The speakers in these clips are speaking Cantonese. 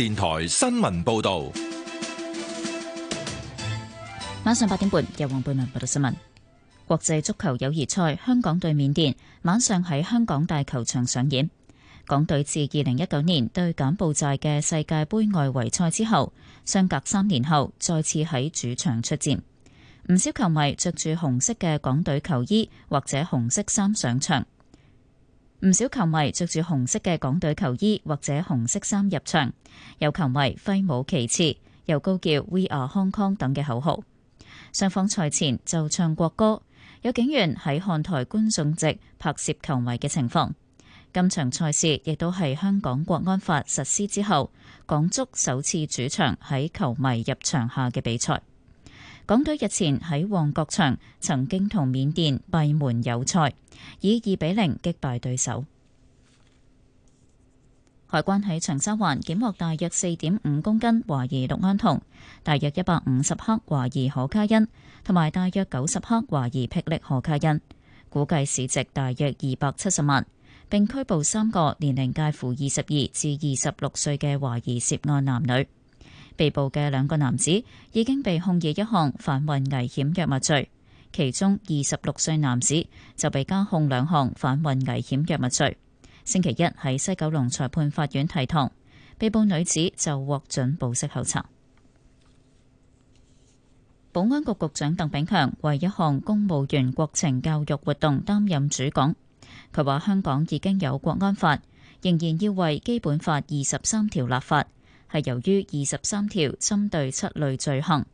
電台新聞報道，晚上八點半由黃貝文報道新聞。國際足球友誼賽，香港對緬甸，晚上喺香港大球場上演。港隊自二零一九年對柬埔寨嘅世界杯外圍賽之後，相隔三年後再次喺主場出戰。唔少球迷着住紅色嘅港隊球衣或者紅色衫上場。唔少球迷着住紅色嘅港隊球衣或者紅色衫入場，有球迷揮舞旗幟，又高叫 We are Hong Kong 等嘅口號，雙方賽前就唱國歌，有警員喺看台觀眾席拍攝球迷嘅情況，今場賽事亦都係香港國安法實施之後，港足首次主場喺球迷入場下嘅比賽。港隊日前喺旺角場曾經同緬甸閉門友賽，以二比零擊敗對手。海關喺長沙灣檢獲大約四點五公斤懷疑氯胺酮，大約一百五十克懷疑可卡因，同埋大約九十克懷疑霹靂可卡因，估計市值大約二百七十萬，並拘捕三個年齡介乎二十二至二十六歲嘅懷疑涉案男女。被捕嘅兩個男子已經被控以一項販運危險藥物罪，其中二十六歲男子就被加控兩項販運危險藥物罪。星期一喺西九龍裁判法院提堂，被捕女子就獲准保釋候查。保安局局長鄧炳強為一項公務員國情教育活動擔任主講，佢話：香港已經有國安法，仍然要為基本法二十三條立法。係由於二十三條針對七類罪行，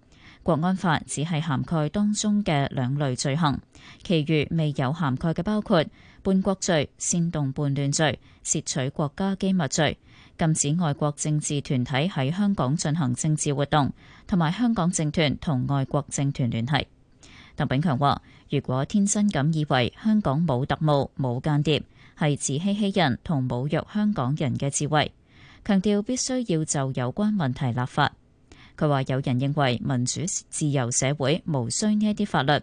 國安法只係涵蓋當中嘅兩類罪行，其餘未有涵蓋嘅包括叛國罪、煽動叛亂罪、竊取國家機密罪、禁止外國政治團體喺香港進行政治活動，同埋香港政團同外國政團聯繫。鄧炳強話，如果天真咁以為香港冇特務、冇間諜，係自欺欺人同侮辱香港人嘅智慧。強調必須要就有關問題立法。佢話：有人認為民主自由社會無需呢啲法律。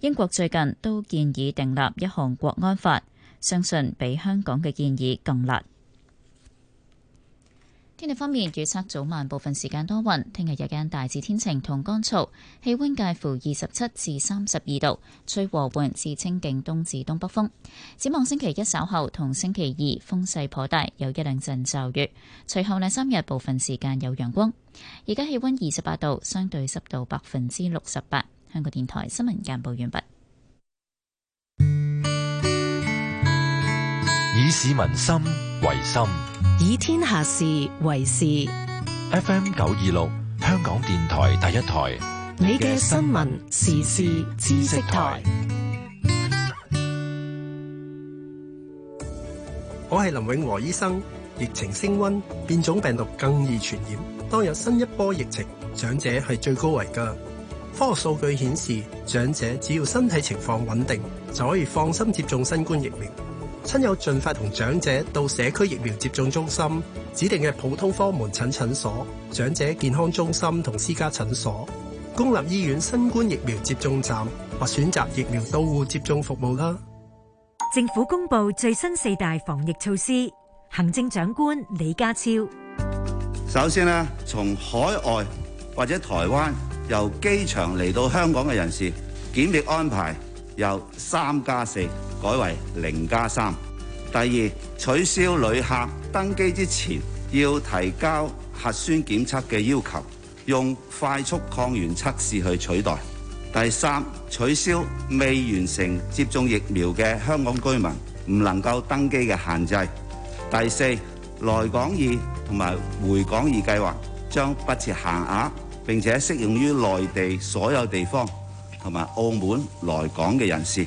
英國最近都建議訂立一項國安法，相信比香港嘅建議更辣。天氣方面，預測早晚部分時間多雲。聽日日間大致天晴同乾燥，氣溫介乎二十七至三十二度，吹和緩至清勁東至東北風。展望星期一稍後同星期二風勢頗大，有一兩陣驟雨。隨後兩三日部分時間有陽光。而家氣溫二十八度，相對濕度百分之六十八。香港電台新聞簡報完畢。以市民心為心。以天下事為事。FM 九二六，香港電台第一台，你嘅新聞、時事、的新聞時事知識台。我係林永和醫生。疫情升温，變種病毒更易傳染。當有新一波疫情，長者係最高危㗎。科學數據顯示，長者只要身體情況穩定，就可以放心接種新冠疫苗。親友儘快同長者到社區疫苗接種中心、指定嘅普通科門診診所、長者健康中心同私家診所、公立醫院新冠疫苗接種站，或選擇疫苗到戶接種服務啦。政府公布最新四大防疫措施，行政長官李家超。首先，呢從海外或者台灣由機場嚟到香港嘅人士，檢疫安排由三加四。改為零加三。第二，取消旅客登機之前要提交核酸檢測嘅要求，用快速抗原測試去取代。第三，取消未完成接種疫苗嘅香港居民唔能夠登機嘅限制。第四，來港易同埋回港易計劃將不設限額，並且適用於內地所有地方同埋澳門來港嘅人士。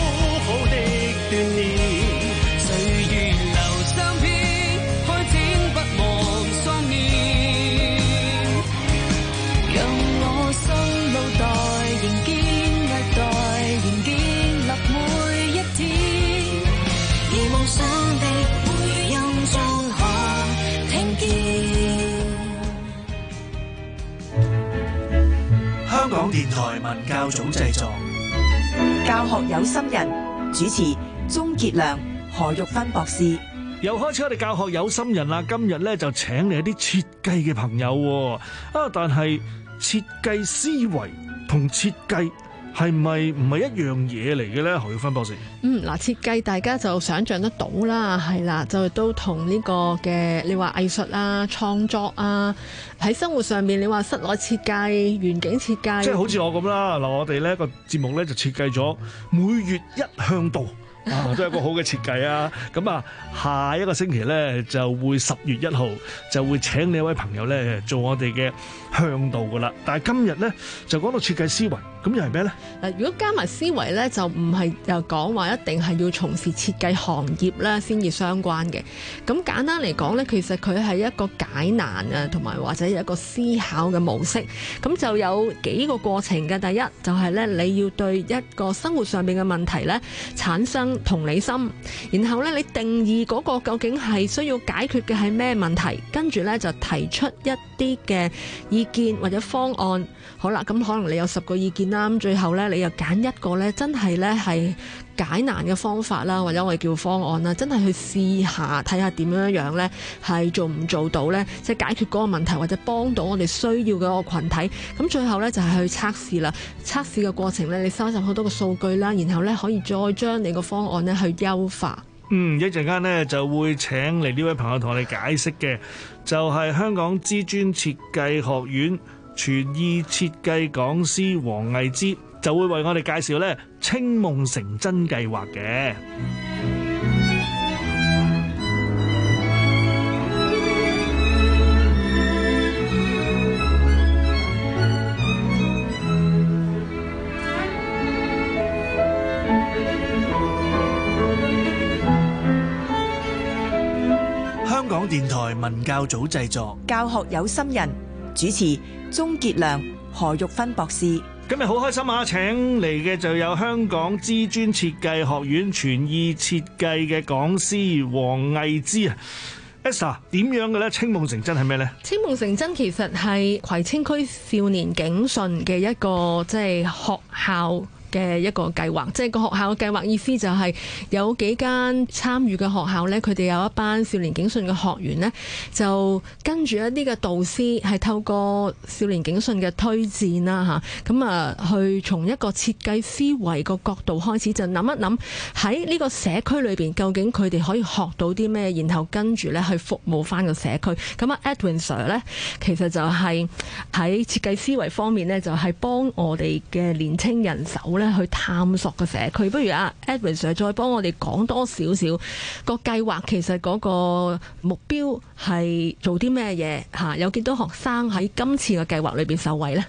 台文教組製作，教學有心人主持，鍾杰良、何玉芬博士。又開車嚟教學有心人啦！今日咧就請嚟一啲設計嘅朋友啊，但係設計思維同設計。係咪唔係一樣嘢嚟嘅咧？何耀芬博士，嗯，嗱，設計大家就想象得到啦，係啦，就都同呢個嘅，你話藝術啊、創作啊，喺生活上面。你話室內設計、園景設計，即係好似我咁啦，嗱，我哋呢個節目咧就設計咗每月一向導都係一個好嘅設計啊。咁啊，下一個星期咧就會十月一號就會請你一位朋友咧做我哋嘅向導噶啦。但係今日咧就講到設計思維。咁又係咩咧？嗱，如果加埋思維咧，就唔係又講話一定係要從事設計行業啦先至相關嘅。咁簡單嚟講咧，其實佢係一個解難啊，同埋或者一個思考嘅模式。咁就有幾個過程嘅。第一就係咧，你要對一個生活上面嘅問題咧產生同理心，然後咧你定義嗰個究竟係需要解決嘅係咩問題，跟住咧就提出一啲嘅意見或者方案。好啦，咁可能你有十個意見。啦，最後咧，你又揀一個咧，真係咧係解難嘅方法啦，或者我哋叫方案啦，真係去試下睇下點樣樣咧，係做唔做到咧，即係解決嗰個問題，或者幫到我哋需要嘅個群體。咁最後咧就係去測試啦，測試嘅過程咧，你收集好多個數據啦，然後咧可以再將你個方案咧去優化。嗯，一陣間咧就會請嚟呢位朋友同我哋解釋嘅，就係香港知專設計學院。知專設計講師黃毅之就會為我哋介紹咧《青夢成真計劃》嘅。香港電台文教組製作，教學有心人主持。鐘杰良、何玉芬博士，今日好開心啊！請嚟嘅就有香港知專設計學院全意設計嘅講師黃毅之啊 Esther 點樣嘅咧？青夢成真係咩咧？青夢成真其實係葵青區少年警訊嘅一個即係、就是、學校。嘅一個計劃，即係個學校嘅計劃意思就係、是、有幾間參與嘅學校咧，佢哋有一班少年警訊嘅學員咧，就跟住一啲嘅導師係透過少年警訊嘅推薦啦，吓、啊，咁啊，去從一個設計思維個角度開始，就諗一諗，喺呢個社區裏邊，究竟佢哋可以學到啲咩，然後跟住咧去服務翻個社區，咁啊，Edwin Sir 咧，其實就係喺設計思維方面咧，就係、是、幫我哋嘅年青人手咧。去探索個社區，不如啊，Edwin Sir 再幫我哋講多少少個計劃。計劃其實嗰個目標係做啲咩嘢吓？有幾多學生喺今次嘅計劃裏邊受惠呢？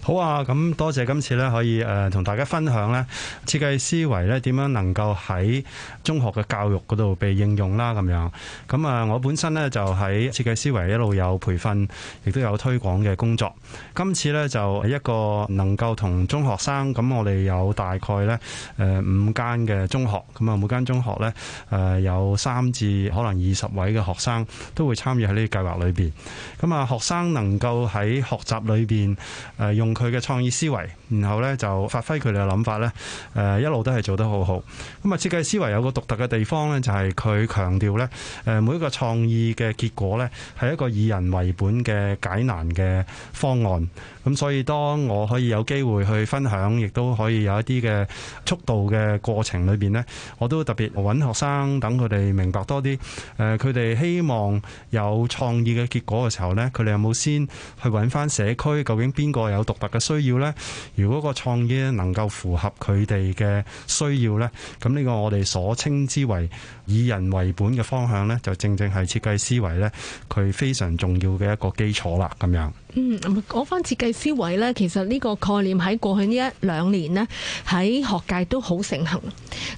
好啊！咁多謝今次咧，可以誒同大家分享呢設計思維咧點樣能夠喺中學嘅教育嗰度被應用啦。咁樣咁啊，我本身呢，就喺設計思維一路有培訓，亦都有推廣嘅工作。今次呢，就一個能夠同中學生咁，我哋有大概呢誒五間嘅中學，咁啊每間中學呢，誒有三至可能二十位嘅學生都會參與喺呢啲計劃裏邊。咁啊，學生能夠喺學習裏邊。誒用佢嘅創意思維，然後呢就發揮佢哋嘅諗法呢誒一路都係做得好好。咁啊，設計思維有個獨特嘅地方呢，就係佢強調呢誒每一個創意嘅結果呢係一個以人為本嘅解難嘅方案。咁所以當我可以有機會去分享，亦都可以有一啲嘅速度嘅過程裏邊呢，我都特別揾學生等佢哋明白多啲。誒，佢哋希望有創意嘅結果嘅時候呢，佢哋有冇先去揾翻社區，究竟邊個有獨特嘅需要呢？如果個創意能夠符合佢哋嘅需要呢，咁呢個我哋所稱之為以人為本嘅方向呢，就正正係設計思維呢——佢非常重要嘅一個基礎啦，咁樣。嗯，講翻設計思維呢，其實呢個概念喺過去呢一兩年呢，喺學界都好盛行。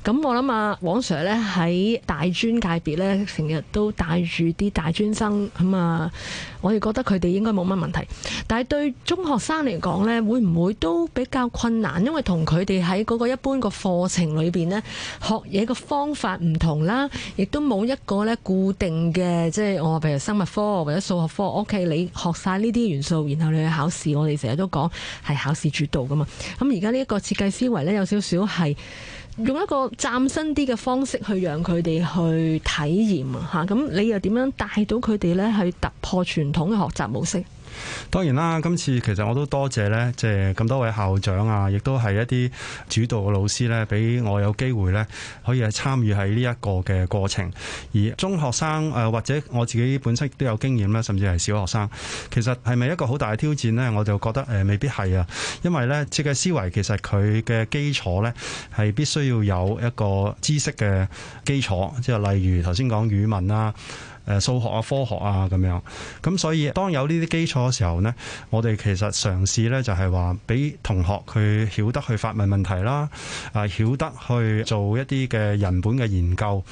咁我諗啊，黃 Sir 呢，喺大專界別呢，成日都帶住啲大專生，咁啊，我亦覺得佢哋應該冇乜問題。但係對中學生嚟講呢，會唔會都比較困難？因為同佢哋喺嗰個一般個課程裏面呢，學嘢嘅方法唔同啦，亦都冇一個呢固定嘅，即係我譬如生物科或者數學科，OK，你學晒呢啲元素。然後你去考試，我哋成日都講係考試主導噶嘛。咁而家呢一個設計思維呢，有少少係用一個嶄新啲嘅方式去讓佢哋去體驗啊。吓，咁你又點樣帶到佢哋呢去突破傳統嘅學習模式？當然啦，今次其實我都多謝呢。即咁多位校長啊，亦都係一啲主導嘅老師呢，俾我有機會呢，可以係參與喺呢一個嘅過程。而中學生誒，或者我自己本身都有經驗呢，甚至係小學生，其實係咪一個好大嘅挑戰呢？我就覺得誒、呃，未必係啊，因為呢設計思維其實佢嘅基礎呢，係必須要有一個知識嘅基礎，即係例如頭先講語文啊。誒數學啊、科學啊咁樣，咁所以當有呢啲基礎嘅時候呢，我哋其實嘗試呢，就係話，俾同學佢曉得去發問問題啦，誒曉得去做一啲嘅人本嘅研究。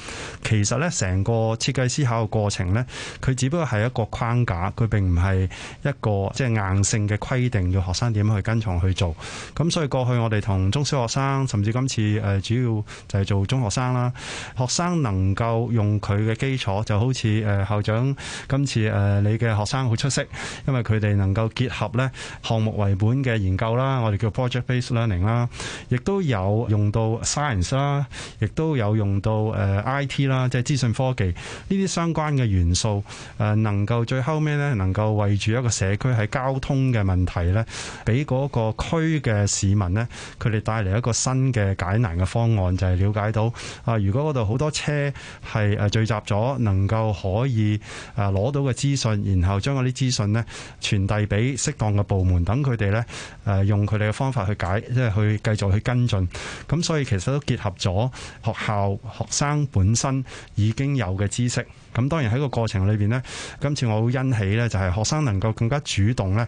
其實呢，成個設計思考嘅過程呢，佢只不過係一個框架，佢並唔係一個即係硬性嘅規定，要學生點去跟從去做。咁所以過去我哋同中小學生，甚至今次誒主要就係做中學生啦，學生能夠用佢嘅基礎，就好似。誒校長今次誒你嘅學生好出色，因為佢哋能夠結合咧項目為本嘅研究啦，我哋叫 project-based learning 啦，亦都有用到 science 啦，亦都有用到誒 IT 啦，即係資訊科技呢啲相關嘅元素誒能夠最後尾咧能夠為住一個社區喺交通嘅問題咧，俾個區嘅市民咧，佢哋帶嚟一個新嘅解難嘅方案，就係了解到啊，如果度好多車係誒聚集咗，能夠可可以誒攞到嘅資訊，然後將嗰啲資訊呢傳遞畀適當嘅部門，等佢哋呢誒用佢哋嘅方法去解，即係去繼續去跟進。咁所以其實都結合咗學校學生本身已經有嘅知識。咁當然喺個過程裏邊呢，今次我好欣喜呢，就係學生能夠更加主動呢，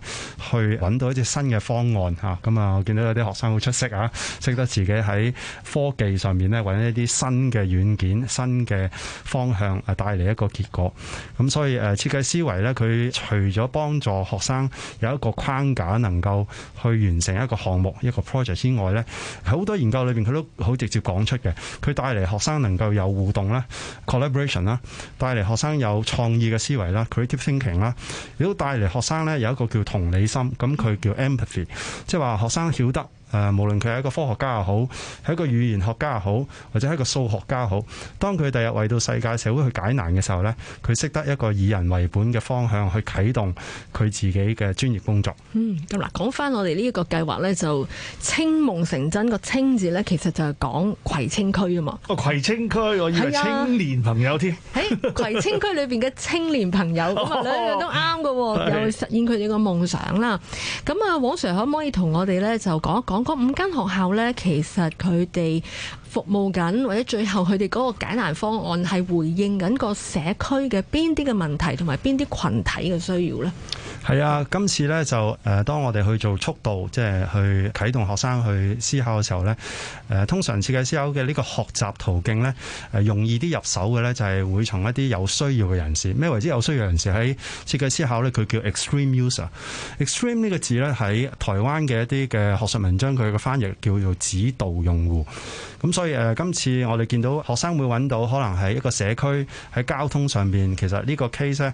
去揾到一隻新嘅方案吓。咁啊，我見到有啲學生好出色啊，識得自己喺科技上面呢揾一啲新嘅軟件、新嘅方向啊，帶嚟一個結果。咁所以誒設計思維呢，佢除咗幫助學生有一個框架，能夠去完成一個項目、一個 project 之外呢，好多研究裏邊佢都好直接講出嘅，佢帶嚟學生能夠有互動啦、collaboration 啦，帶嚟學生有創意嘅思維啦，creative thinking 啦，亦都帶嚟學生咧有一個叫同理心，咁佢叫 empathy，即係話學生曉得。誒，無論佢係一個科學家又好，係一個語言學家又好，或者係一個數學家也好，當佢第日為到世界社會去解難嘅時候呢，佢識得一個以人為本嘅方向去啟動佢自己嘅專業工作。嗯，咁嗱，講翻我哋呢一個計劃咧，就青夢成真個青字呢，其實就係講葵青區啊嘛。哦，葵青區，我以為青年朋友添。葵青區裏邊嘅青年朋友，咁啊、 欸、 那兩樣都啱嘅喎，又、哦、實現佢哋個夢想啦。咁啊，黃 Sir 可唔可以同我哋呢就講一講？嗰五間學校咧，其實佢哋服務緊或者最後佢哋嗰個解難方案係回應緊個社區嘅邊啲嘅問題同埋邊啲群體嘅需要呢？係啊，今次呢就、呃、當我哋去做速度，即係去啟動學生去思考嘅時候呢、呃，通常設計思考嘅呢個學習途徑呢，呃、容易啲入手嘅呢，就係會從一啲有需要嘅人士。咩為之有需要嘅人士？喺設計思考呢，佢叫 extreme user。extreme 呢個字呢，喺台灣嘅一啲嘅學術文章，佢嘅翻譯叫做指導用戶。咁所以誒，今次我哋見到學生會揾到可能係一個社區喺交通上邊，其實呢個 case 咧，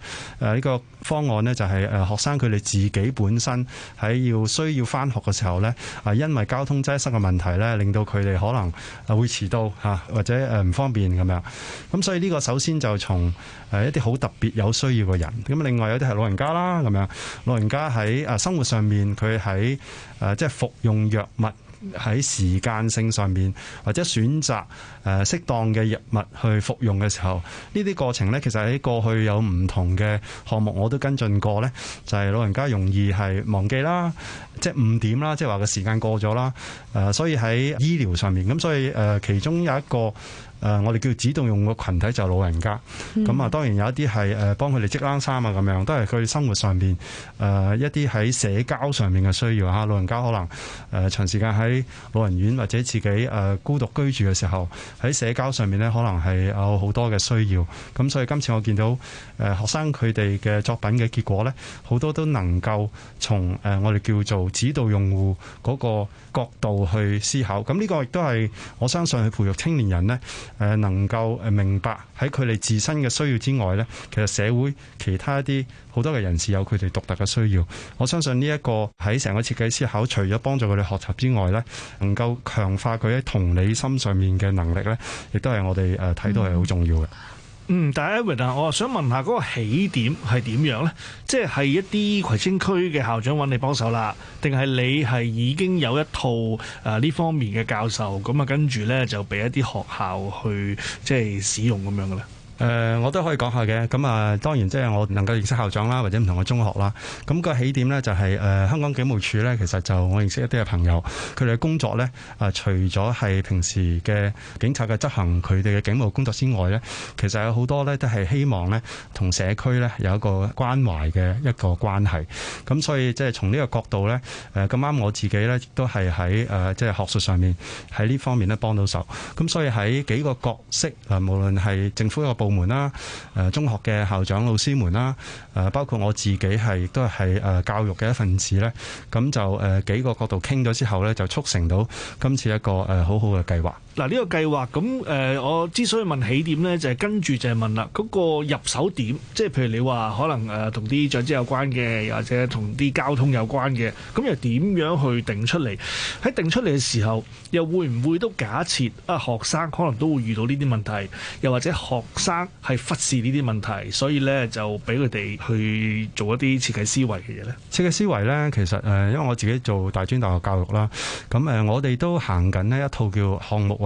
誒呢個方案咧就係誒學生佢哋自己本身喺要需要翻學嘅時候咧，係因為交通擠塞嘅問題咧，令到佢哋可能會遲到嚇，或者誒唔方便咁樣。咁所以呢個首先就從誒一啲好特別有需要嘅人，咁另外有啲係老人家啦咁樣，老人家喺誒生活上面佢喺誒即係服用藥物。喺時間性上面，或者選擇誒適當嘅藥物去服用嘅時候，呢啲過程呢，其實喺過去有唔同嘅項目，我都跟進過呢，就係老人家容易係忘記啦，即係誤點啦，即係話個時間過咗啦，誒，所以喺醫療上面，咁所以誒，其中有一個。誒，我哋叫指導用戶嘅群體就老人家，咁、嗯、啊，當然有一啲係誒幫佢哋織冷衫啊，咁樣都係佢生活上面誒一啲喺社交上面嘅需要。老人家可能誒長時間喺老人院或者自己誒孤獨居住嘅時候，喺社交上面咧，可能係有好多嘅需要。咁所以今次我見到誒學生佢哋嘅作品嘅結果咧，好多都能夠從誒我哋叫做指導用戶嗰個角度去思考。咁呢個亦都係我相信去培育青年人咧。誒能夠明白喺佢哋自身嘅需要之外呢，其實社會其他一啲好多嘅人士有佢哋獨特嘅需要。我相信呢一個喺成個設計思考，除咗幫助佢哋學習之外呢，能夠強化佢喺同理心上面嘅能力呢，亦都係我哋誒睇到係好重要嘅。嗯，但係 Aaron 啊，我想問下嗰個起點係點樣咧？即係一啲葵青區嘅校長揾你幫手啦，定係你係已經有一套誒呢方面嘅教授咁啊？跟住咧就俾一啲學校去即係使用咁樣嘅咧？誒、呃，我都可以講下嘅。咁啊，當然即係我能夠認識校長啦，或者唔同嘅中學啦。咁、那個起點咧就係、是、誒、呃、香港警務處咧，其實就我認識一啲嘅朋友，佢哋嘅工作咧啊、呃，除咗係平時嘅警察嘅執行佢哋嘅警務工作之外咧，其實有好多咧都係希望咧同社區咧有一個關懷嘅一個關係，咁所以即係從呢個角度咧，誒咁啱我自己咧都係喺誒即係學術上面喺呢方面咧幫到手。咁所以喺幾個角色啊、呃，無論係政府一個部。部門啦，誒，中學嘅校長、老師們啦，誒，包括我自己係亦都係誒教育嘅一份子咧，咁就誒幾個角度傾咗之後咧，就促成到今次一個誒好好嘅計劃。嗱、這、呢個計劃咁誒、呃、我之所以問起點咧，就係、是、跟住就係問啦，嗰、那個、入手點，即係譬如你話可能誒同啲長者有關嘅，或者同啲交通有關嘅，咁又點樣去定出嚟？喺定出嚟嘅時候，又會唔會都假設啊學生可能都會遇到呢啲問題，又或者學生係忽視呢啲問題，所以咧就俾佢哋去做一啲設計思維嘅嘢咧？設計思維咧，其實誒、呃、因為我自己做大專大學教育啦，咁誒、呃、我哋都行緊呢一套叫項目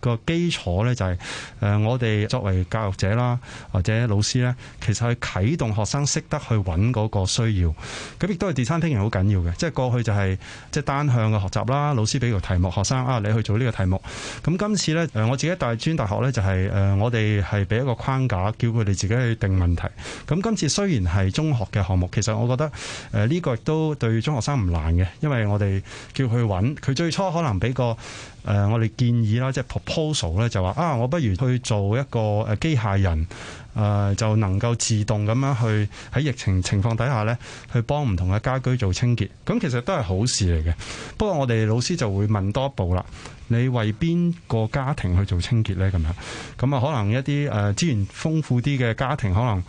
個基礎呢，就係誒，我哋作為教育者啦，或者老師呢，其實去啟動學生識得去揾嗰個需要。咁亦都係設計評論好緊要嘅，即係過去就係即係單向嘅學習啦。老師俾個題目，學生啊，你去做呢個題目。咁今次呢，我自己大專大學呢，就係誒，我哋係俾一個框架，叫佢哋自己去定問題。咁今次雖然係中學嘅項目，其實我覺得呢個亦都對中學生唔難嘅，因為我哋叫佢揾佢最初可能俾個。呃、我哋建議啦，即係 proposal 咧，就話、是、啊，我不如去做一個誒機械人、呃，就能夠自動咁樣去喺疫情情況底下咧，去幫唔同嘅家居做清潔。咁其實都係好事嚟嘅。不過我哋老師就會問多一步啦，你為邊個家庭去做清潔咧？咁樣咁啊，可能一啲誒資源豐富啲嘅家庭，可能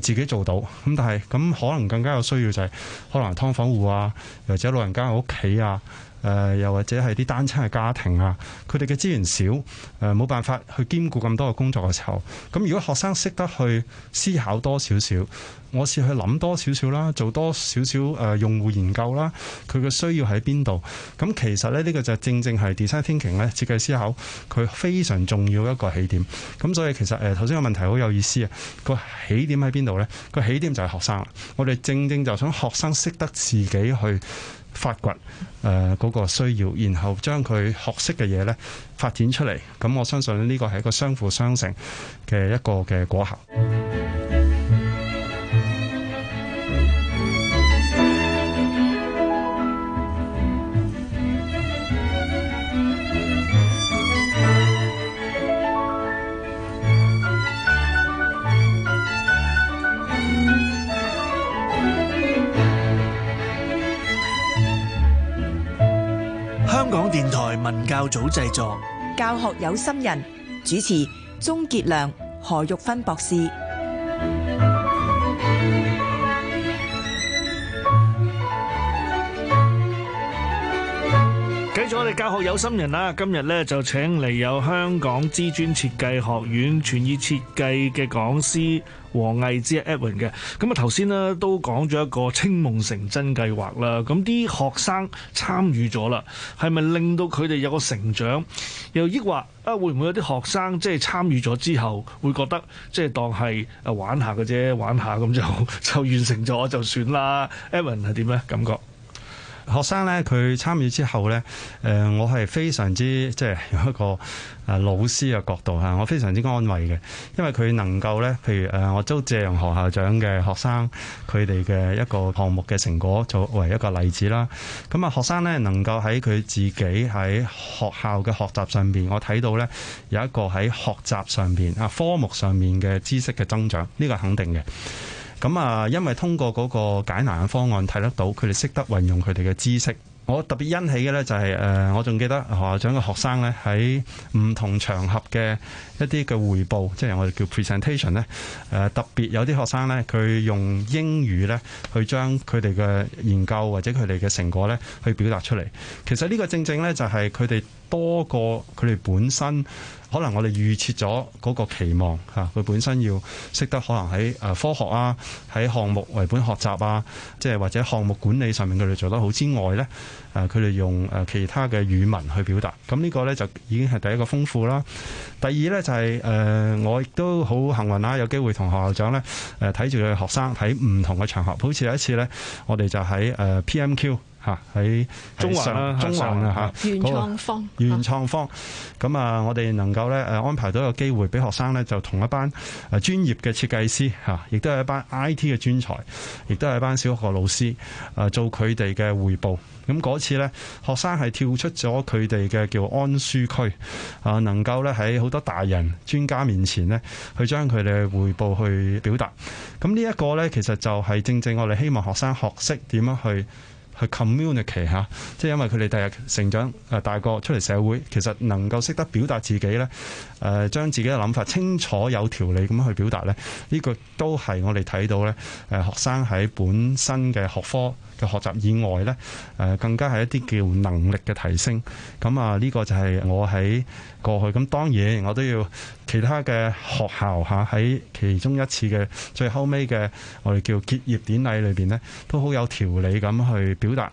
誒自己做到。咁但係咁可能更加有需要就係、是、可能劏房戶啊，或者老人家喺屋企啊。誒又或者係啲單親嘅家庭啊，佢哋嘅資源少，誒冇辦法去兼顧咁多嘅工作嘅時候，咁如果學生識得去思考多少少，我試去諗多少少啦，做多少少用戶研究啦，佢嘅需要喺邊度？咁其實呢呢個就正正係 design thinking 咧，設計思考，佢非常重要一個起點。咁所以其實誒頭先個問題好有意思啊，個起點喺邊度呢？個起點就係學生啦，我哋正正就想學生識得自己去。發掘誒嗰個需要，然後將佢學識嘅嘢咧發展出嚟，噉我相信呢個係一個相輔相成嘅一個嘅果效。教組製作，教學有心人主持，鍾傑良、何玉芬博士。教學有心人啦，今日咧就請嚟有香港知專設計學院傳意設計嘅講師黃毅之 Evan 嘅。咁啊頭先咧都講咗一個青夢成真計劃啦，咁啲學生參與咗啦，係咪令到佢哋有個成長？又抑或啊，會唔會有啲學生即係參與咗之後會覺得即係當係啊玩下嘅啫，玩下咁就就完成咗就算啦？Evan 係點咧？Edwin，是感覺？學生咧，佢參與之後咧，我係非常之，即係有一個老師嘅角度吓，我非常之安慰嘅，因為佢能夠咧，譬如我都借用何校長嘅學生，佢哋嘅一個項目嘅成果作為一個例子啦。咁啊，學生咧能夠喺佢自己喺學校嘅學習上面，我睇到咧有一個喺學習上面、啊科目上面嘅知識嘅增長，呢個肯定嘅。咁啊，因為通過嗰個解難嘅方案睇得到，佢哋識得運用佢哋嘅知識，我特別欣喜嘅咧，就是，就係，誒，我仲記得何校長嘅學生咧，喺唔同場合嘅一啲嘅匯報，即、就、係、是、我哋叫 presentation 咧。誒，特別有啲學生咧，佢用英語咧去將佢哋嘅研究或者佢哋嘅成果咧去表達出嚟。其實呢個正正咧，就係佢哋多過佢哋本身。可能我哋預設咗嗰個期望吓，佢本身要識得可能喺科學啊，喺項目為本學習啊，即係或者項目管理上面佢哋做得好之外呢，佢哋用其他嘅語文去表達，咁呢個呢，就已經係第一個豐富啦。第二呢，就係，就係誒我亦都好幸運啦，有機會同學校長呢睇住佢學生喺唔同嘅場合，好似有一次呢，我哋就喺 PMQ。喺中環中環原創方、那個、原創方咁啊！我哋能夠咧誒安排到一個機會俾學生咧，就同一班誒專業嘅設計師吓，亦都係一班 IT 嘅專才，亦都係一班小學老師誒，做佢哋嘅匯報。咁嗰次呢，學生係跳出咗佢哋嘅叫安舒區啊，能夠咧喺好多大人專家面前呢，去將佢哋嘅匯報去表達。咁呢一個呢，其實就係正正我哋希望學生學識點樣去。去 communicate 吓，即係因為佢哋第日成長，誒大個出嚟社會，其實能夠識得表達自己咧。誒將自己嘅諗法清楚有條理咁去表達呢，呢、呢個都係我哋睇到呢誒學生喺本身嘅學科嘅學習以外呢更加係一啲叫能力嘅提升。咁啊，呢個就係我喺過去咁，咁當然我都要其他嘅學校嚇喺其中一次嘅最後尾嘅我哋叫結業典禮裏面，呢都好有條理咁去表達。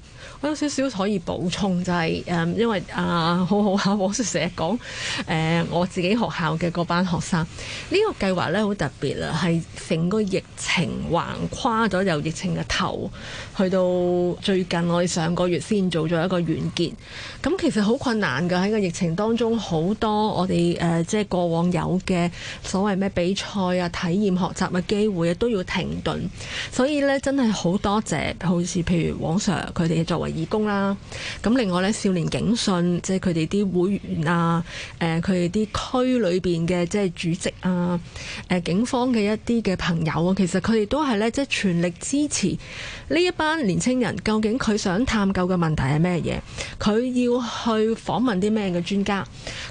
我有少少可以補充，就係、是、誒，因為啊，好好啊，我成日講誒，我自己學校嘅嗰班學生呢、這個計劃咧，好特別啊，係成個疫情橫跨咗有疫情嘅頭。去到最近，我哋上個月先做咗一個完結，咁其實好困難，噶，喺個疫情當中，好多我哋誒即係過往有嘅所謂咩比賽啊、體驗學習嘅機會啊，都要停頓，所以咧，真係好多謝好似譬如往常佢哋作為義工啦。咁另外咧，少年警訊即係佢哋啲會員啊，誒佢哋啲區裏邊嘅即係主席啊，誒警方嘅一啲嘅朋友啊，其實佢哋都係咧即係全力支持呢一班。年青人究竟佢想探究嘅問題係咩嘢？佢要去訪問啲咩嘅專家？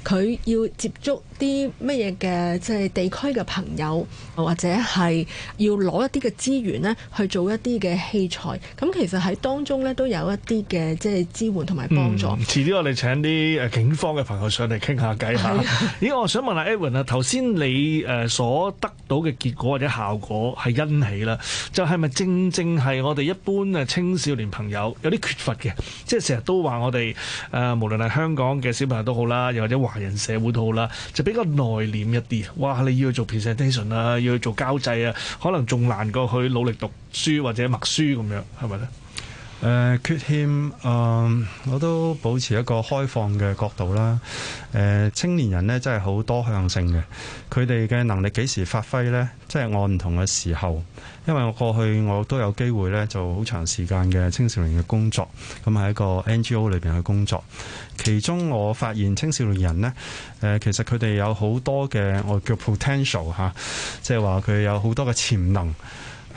佢要接觸啲乜嘢嘅即係地區嘅朋友，或者係要攞一啲嘅資源咧去做一啲嘅器材。咁其實喺當中咧都有一啲嘅即係支援同埋幫助。遲啲我哋請啲誒警方嘅朋友上嚟傾下偈下咦，我想問下 Aaron 啊，頭先你誒所得到嘅結果或者效果係欣喜啦，就係咪正正係我哋一般嘅青少年朋友有啲缺乏嘅？即係成日都話我哋誒無論係香港嘅小朋友都好啦，又或者華人社會都好啦，比較內斂一啲啊，哇！你要去做 presentation 啊，要去做交際啊，可能仲難過去努力讀書或者默書咁樣，係咪咧？呃、缺欠、呃，我都保持一個開放嘅角度啦。誒、呃、青年人呢真係好多向性嘅，佢哋嘅能力幾時發揮呢？即係我唔同嘅時候，因為我過去我都有機會呢做好長時間嘅青少年嘅工作，咁喺一個 NGO 裏邊嘅工作，其中我發現青少年人呢，呃、其實佢哋有好多嘅我叫 potential，啊、即係話佢有好多嘅潛能。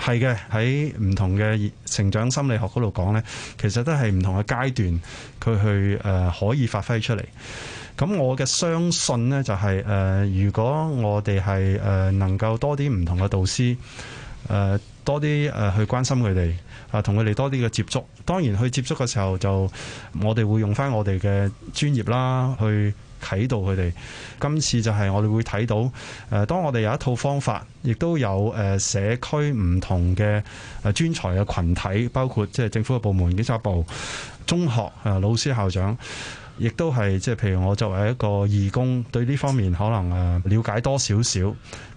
係嘅，喺唔同嘅成長心理學嗰度講呢，其實都係唔同嘅階段它，佢去誒可以發揮出嚟。咁我嘅相信呢，就係、是、誒、呃，如果我哋係誒能夠多啲唔同嘅導師誒。呃多啲誒去關心佢哋，啊同佢哋多啲嘅接觸。當然去接觸嘅時候，就我哋會用翻我哋嘅專業啦，去啟導佢哋。今次就係我哋會睇到誒，當我哋有一套方法，亦都有誒社區唔同嘅誒專才嘅群體，包括即係政府嘅部門、警察部、中學啊老師、校長。亦都係即係譬如我作為一個義工，對呢方面可能誒了解多少少，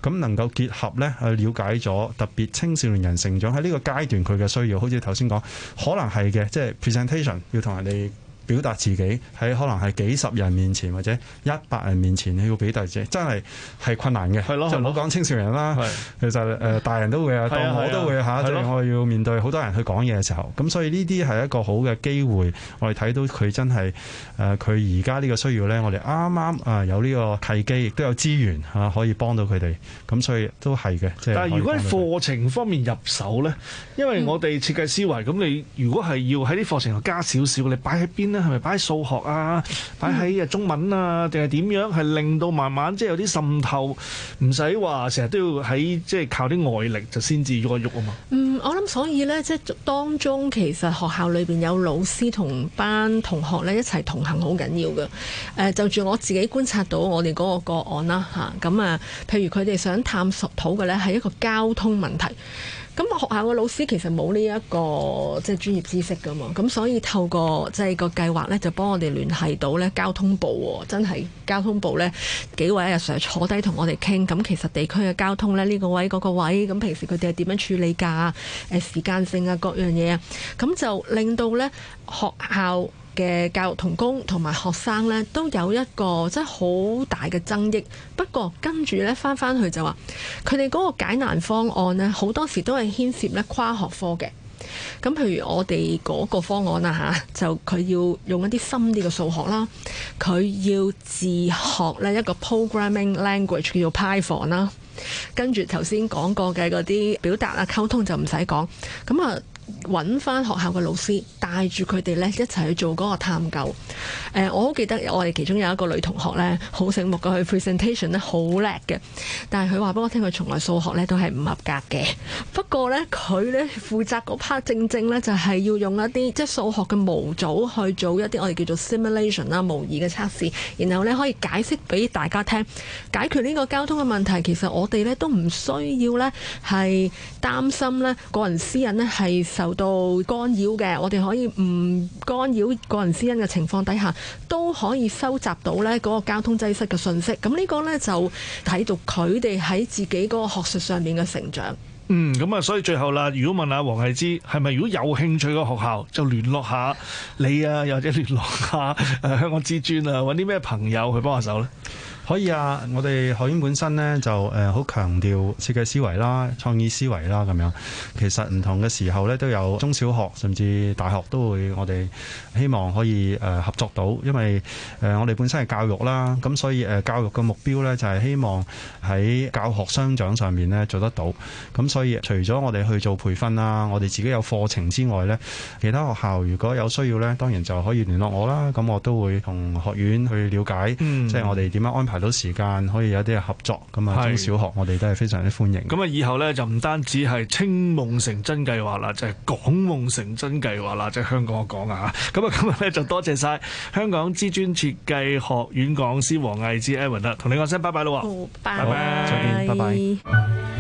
咁能夠結合咧，去了解咗特別青少年人成長，喺呢個階段佢嘅需要，好似頭先講可能係嘅，即係 presentation 要同人哋。表達自己喺可能係幾十人面前或者一百人面前，你要俾大字，真係係困難嘅。係咯，就唔好講青少年啦，其實誒大人都會啊，當我都會嚇，即係、就是、我要面對好多人去講嘢嘅時候。咁所以呢啲係一個好嘅機會，我哋睇到佢真係誒佢而家呢個需要咧，我哋啱啱啊有呢個契機，亦都有資源嚇可以幫到佢哋。咁所以都係嘅。但係如果喺課程方面入手咧、嗯，因為我哋設計思維，咁你如果係要喺啲課程度加少少，你擺喺邊？係咪擺喺數學啊，擺喺中文啊，定係點樣？係令到慢慢即係有啲滲透，唔使話成日都要喺即係靠啲外力就先至喐喐啊嘛。嗯，我諗所以呢，即係當中其實學校裏邊有老師同班同學呢一齊同行好緊要㗎。誒、呃，就住我自己觀察到我哋嗰個個案啦吓，咁啊，譬如佢哋想探索討嘅呢，係一個交通問題。咁學校嘅老師其實冇呢一個即係、就是、專業知識噶嘛，咁所以透過即係、就是、個計劃呢，就幫我哋聯繫到呢交通部喎、哦，真係交通部呢，幾位阿 Sir 坐低同我哋傾，咁其實地區嘅交通呢，呢個位嗰個位，咁、那個、平時佢哋係點樣處理噶？誒時間性啊，各樣嘢啊，咁就令到呢學校嘅教育同工同埋學生咧，都有一個即係好大嘅爭議。不過跟住咧，翻翻去就話，佢哋嗰個解難方案咧，好多時都係牽涉咧跨學科嘅。咁譬如我哋嗰個方案啦吓，就佢要用一啲深啲嘅數學啦，佢要自學咧一個 programming language 叫做 Python 啦。跟住頭先講過嘅嗰啲表達啊溝通就唔使講，咁啊。揾翻學校嘅老師帶住佢哋呢，一齊去做嗰個探究。誒、呃，我好記得我哋其中有一個女同學呢，好醒目嘅，佢 presentation 呢好叻嘅。但係佢話俾我聽，佢從來數學呢都係唔合格嘅。不過呢，佢呢負責嗰 part 正正呢，就係要用一啲即係數學嘅模組去做一啲我哋叫做 simulation 啦，模擬嘅測試，然後呢可以解釋俾大家聽，解決呢個交通嘅問題。其實我哋呢都唔需要呢係擔心呢個人私隱呢係，受到干擾嘅，我哋可以唔干擾個人私隱嘅情況底下，都可以收集到呢嗰個交通擠塞嘅信息。咁呢個呢，就睇到佢哋喺自己嗰個學術上面嘅成長。嗯，咁啊，所以最後啦，如果問下黃毅之，係咪如果有興趣嘅學校就聯絡一下你啊，又或者聯絡下誒、呃、香港知專啊，揾啲咩朋友去幫下手呢？可以啊！我哋學院本身咧就誒好強調設計思維啦、創意思維啦咁樣。其實唔同嘅時候咧，都有中小學甚至大學都會我哋希望可以誒合作到，因為誒我哋本身係教育啦，咁所以誒教育嘅目標咧就係希望喺教學生長上面咧做得到。咁所以除咗我哋去做培訓啦，我哋自己有課程之外咧，其他學校如果有需要咧，當然就可以聯絡我啦。咁我都會同學院去了解，嗯，即係我哋點樣安排。到時間可以有啲合作咁啊！中小學我哋都係非常之歡迎。咁啊，以後呢，就唔單止係青夢成真計劃啦，就係港夢成真計劃啦，即係香港我講啊嚇。咁啊，今日呢，就多謝晒香港知專設計學院講師黃毅之 Alan 啦，同你講聲拜拜咯！好，拜拜，拜拜，好，再見，拜拜。拜拜。